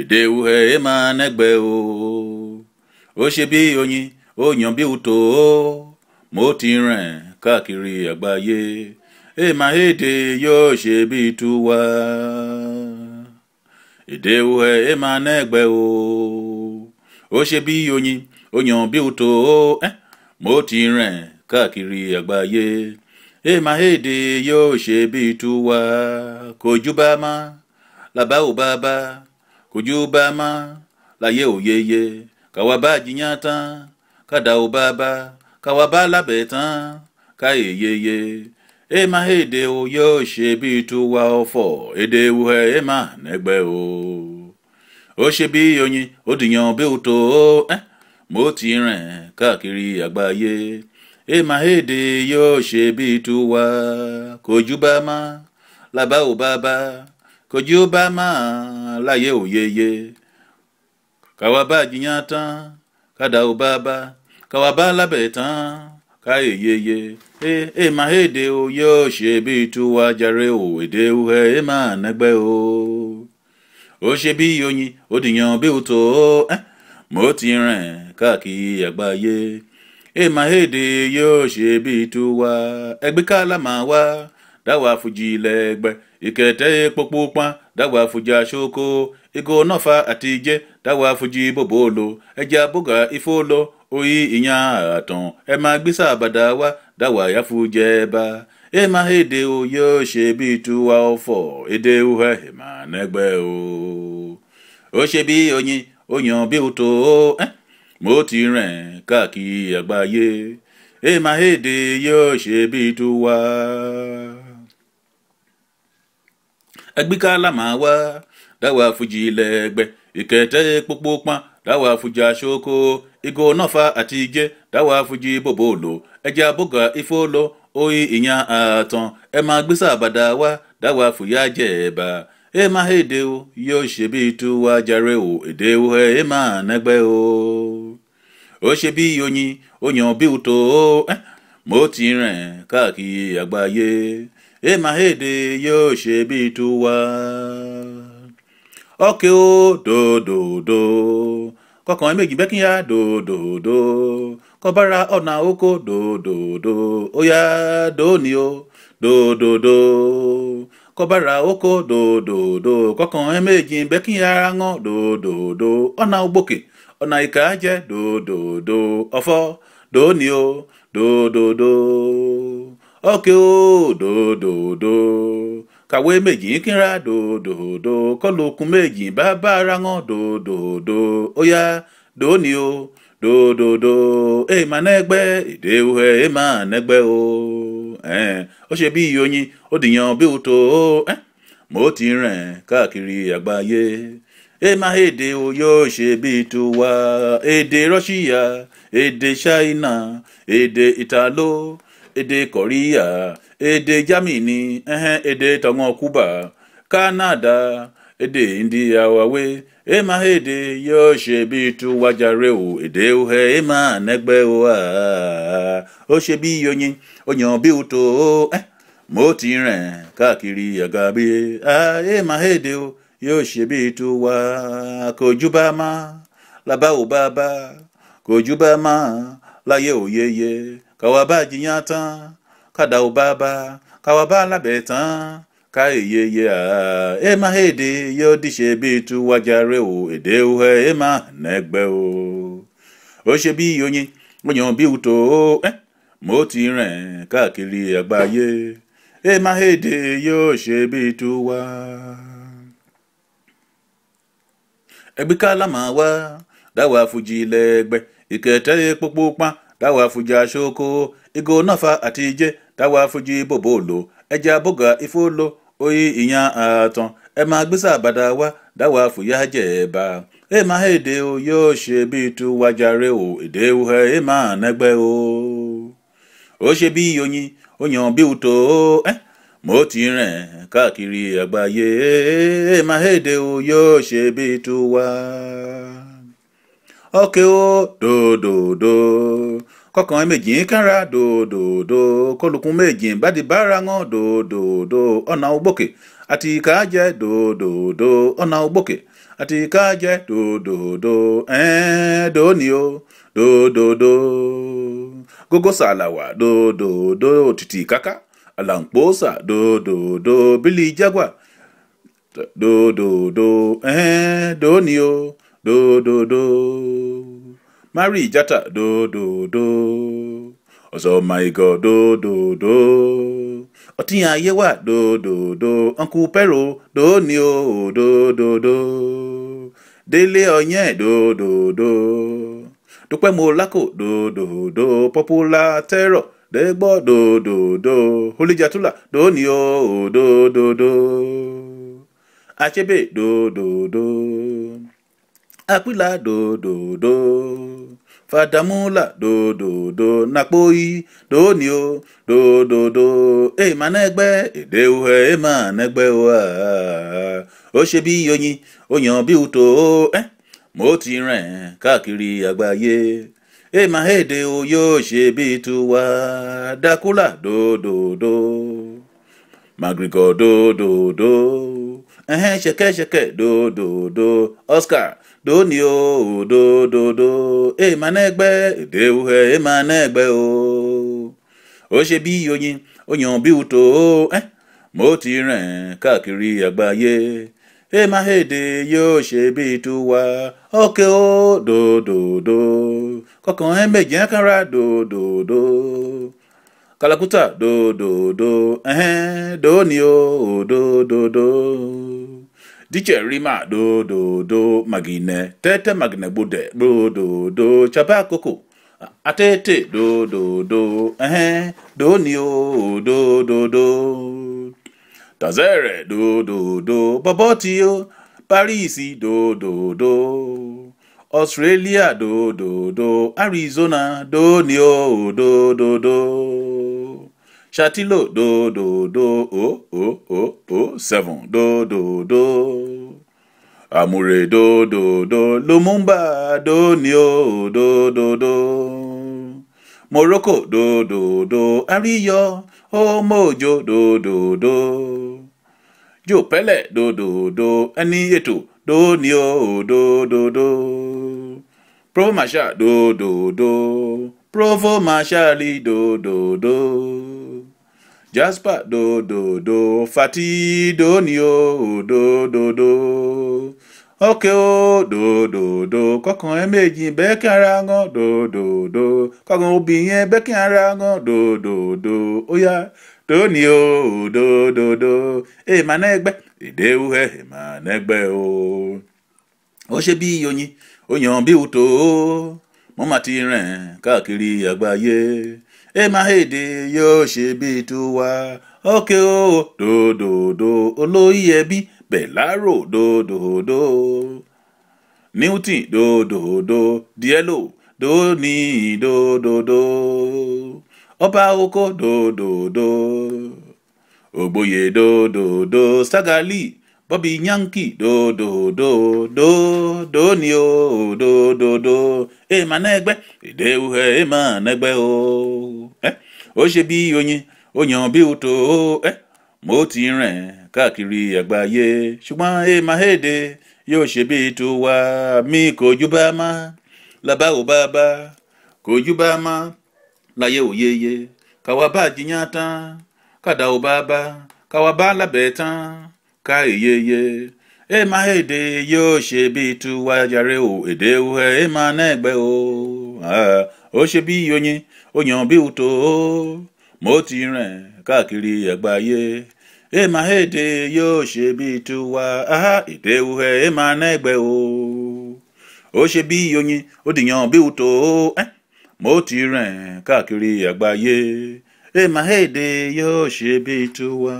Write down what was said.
èdè wuhẹ ema nẹgbẹ o ó ṣe bí oyin ó yàn bí wùtò o mo ti rìn káàkiri àgbáyé ema èdè yóò ṣe bí tuwa èdè wuhẹ ema nẹgbẹ o ó ṣe bí oyin ó yàn bí wùtò o mo ti rìn káàkiri àgbáyé ema èdè yóò ṣe bí tuwa kò jú bá má làbáwò bá bá kujubaama láyé laye oyeye, bá jiyàn tán kádà ó bá bá káwa bá lábẹ́ tán káyè yeye ema èdè o yóò ṣe bíi tuwa ọ̀fọ̀ èdè ewúhẹ ema nẹgbẹ o ó ṣe bí oyin ó dìyàn bí o tó ẹ mo ti rìn káàkiri àgbáyé ema èdè yóò ṣe bíi tuwa kojú bá má làbá kojú bá láyé òyeye kàwa bá jiyàn tán kàdà ò bá bá kàwa bá lábẹ̀ tán káyè yeye e e ma hede o yóò ṣe bíi tuwa jàre o èdè uhẹ e ma nẹgbẹ o ó ṣe bí oyin ó dìyàn bí o tó ẹ mo ti rìn káàkiri àgbáyé e ma hede yóò ṣe bíi tuwa ẹgbẹ́ ká lámà wá dáwà fújì lẹ́gbẹ́ ikete kpokpokpa dawa fuji ashoko ego nofa atije dawa fuji eji abuga ife olo oyi inya atan ema gbisa abada wa dawa ya fuje ba ema ede o yo se bi tuwa ofo ede uhe ma negbe o o se bi oyin oyan bi uto o eh? mo ti rìn káàkiri àgbáyé ede yo se bi tuwa. egbikala ma wa dawa ike legbe ikete kpụkpọ kpa dawa afuji ashoko igo nọfa atije dawa afuji bobolo eji abụga ifeolo oyi inya atọ ema gbisa abada wa dawa je jeba ema ha edewo yo shebi tuwa jare o edeo ha ema negbe o o shebi yonyi onye obi uto o eh mo ti rìn káàkiri àgbáyé emahede yóò ṣe bí tiwa. ọkẹ́ o dòdòdò kọkàn méjì bẹ́kíyà dòdòdò kọbára ọ̀nà oko dòdòdò ó dodo dòní o dòdòdò kọbára oko dòdòdò kọkàn méjì bẹ́kíyà rán dòdòdò ọ̀nà ògbókè ọ̀nà ìkà dòdòdò ọ̀fọ̀ dòní o. Do, do, do. dododo dododooke ododoo ka wee mejiikere dododo kalụkwumeji baa baradododo oya donio doodo e mana egbe ịdewuhe ma negbeo ee o Iyi eh, onye ọ dịnya ọbịa ụtọ eh, ma otire kakịri ya gbaye ema èdè o yóò ṣe bí tiwa Ede Russia ede China èdè Italo ede Korea ede Germany ede èdè tọ̀wọ́n Cuba Canada ede India wàwé ema ede yóò ṣe bí tiwa jàre o èdè òhẹ ema nẹgbẹ o ó ṣe bí oyin oyan bí o tó eh, mo ti rìn káàkiri àgàbí ema ede o. yóò ṣe bí ètò wa kò jú bá má labá ò bá bá kò jú bá má láyé ò yeye káwa bá jiyàn tán kàdá ò bá bá káwa bá lábẹ́ tán ká èyeye à ẹ má èdè yóò díṣe bí ètò wa jàre ò èdè ò ẹ má nẹgbẹ́ o ó ṣe bí oyin oyin bí wùtò ẹ mo ti rìn káàkiri àgbáyé ẹ má èdè yóò ṣe bí ètò wa. egbikala wa dawafuji lagbe ike teghi kpokpo ukpa dawafuji asha oko igo ije atije dawafui boboolo eji buga ifeolu oyi iya atọ ema agbisi abadawa dawafu ya je ba ima ha ede ye oshebi ede ewu edewu negbe o o se bi iyionyi onye bi uto o eh mo ti rìn káàkiri àgbáyé mahede o yóò ṣe bí tiwa. ọ̀kẹ́ o dòdòdò kọkàn méjì ń kára dòdòdò kọlùkùn méjì ń bádi bára wọn dòdòdò ọ̀nà ògbókè àti ìkàjẹ́ dòdòdò ọ̀nà ògbókè àti ìkàjẹ́ dòdòdò ẹ̀ẹ́n dòní o dòdòdò gógó sàlàwà dòdòdò àlàǹpọ̀sà dòdòdò bílí jágbà dòdòdò ẹ̀ẹ́n dòní o dòdòdò mari ìjàtà dòdòdò ọ̀sọ̀ maigọ̀ dòdòdò ọtí ayé wà dòdòdò ọ̀nkù pẹ́rò dòní o dòdòdò délé ọyẹ́ dòdòdò dúpẹ́ mo lákò dòdòdò pọ́pùlà tẹ́rọ̀ dégbò dòdòdò olùjàtúlà dòní o dòdòdò àṣebè dòdòdò àpìlà dòdòdò fàdámúlà dòdòdò nàpóyì dòní o dòdòdò èèmánẹgbẹ èdè òhẹ èèmánẹgbẹ wà ó ṣe bí oyin oyan bí utò ẹ mo ti rìn káàkiri àgbáyé emahede o yóò ṣe bíi tuwa dakula dòdòdò magrigọ dòdòdò ẹhẹn ṣẹkẹṣẹkẹ dòdòdò oscar dóni o dòdòdò emanẹgbẹ èdèwúhẹ emanẹgbẹ o ó ṣe bí oyin oyin bí wùtò ẹ mo ti rìn káàkiri àgbáyé emahede yóò ṣe bíi tuwa òkè ó dòdòdò kọkàn ẹ méjì ẹ kanra dòdòdò kàlàkùtà dòdòdò ẹhẹn dòní ó dòdòdò díjẹ rima dòdòdò màgìnẹ tẹtẹ màgìnẹ gbọdẹ dòdòdò chaba koko àtẹtẹ dòdòdò ẹhẹn dòní ó dòdòdò tazere dòdòdò bọ́bọ́tì o Paris dòdòdò Australia dòdòdò Arizona dòní o dòdòdò Shatilo dòdòdò o o o o seven dòdòdò Amure dòdòdò Lumumba dòní o dòdòdò Morocco dòdòdò Ariyo ọmọòjò dòdòdò jò pẹ́lẹ̀ dòdòdò ẹni ètò dòní o dòdòdò provo marshal dòdòdò provo marshal dòdòdò jasper dòdòdò fati dòní o dòdòdò. dodo-do kọkàn ẹ̀mẹ́jì bẹ́ẹ̀kì ara dodo-do. dòdòdò kọkàn obìnrin bẹ́ẹ̀kì ara n'i o! óyá tóní do èèmà náà ẹgbẹ́ ìdéwúhẹ́ èèmà náà ẹgbẹ́ o. ó ṣe bí oyin oyan bí wùtò mo máa ti rìn káàkiri àgbáyé èèmà èdè yóò ṣe bí dodo-do òdòdòdò olóyè bíi. Belaro dòdòdò Newton dòdòdò Diello dòní dòdòdò ọba oko dòdòdò ògbóyè dòdòdò Sagali Bobby Yankee dòdòdò dòdòní o dòdòdò èèmà nẹgbẹ ìdèwùhẹ èèmà nẹgbẹ o ó ṣe bí oyin ó yàn bí o tó ẹ. Eh? mo ti rìn káàkiri àgbáyé ṣùgbọ́n emahede yóò ṣe bí tiwa mi kò jú bá má làbá bá bá kò jú bá má láyé òyeye yeye káwa bá jiyàn tán kàdá ò bá bá káwa bá lábẹ́ tán ká èyeye emahede yóò ṣe bí tiwa o e ó ṣe bí oyin bí emahede yóò ṣe bí tiwa ìdẹ́wùhẹ́ emanẹ́gbẹ́ o ó ṣe bí oyin ó dìyàn bí wùtò mo ti rìn káàkiri àgbáyé emahede yóò ṣe bí tiwa.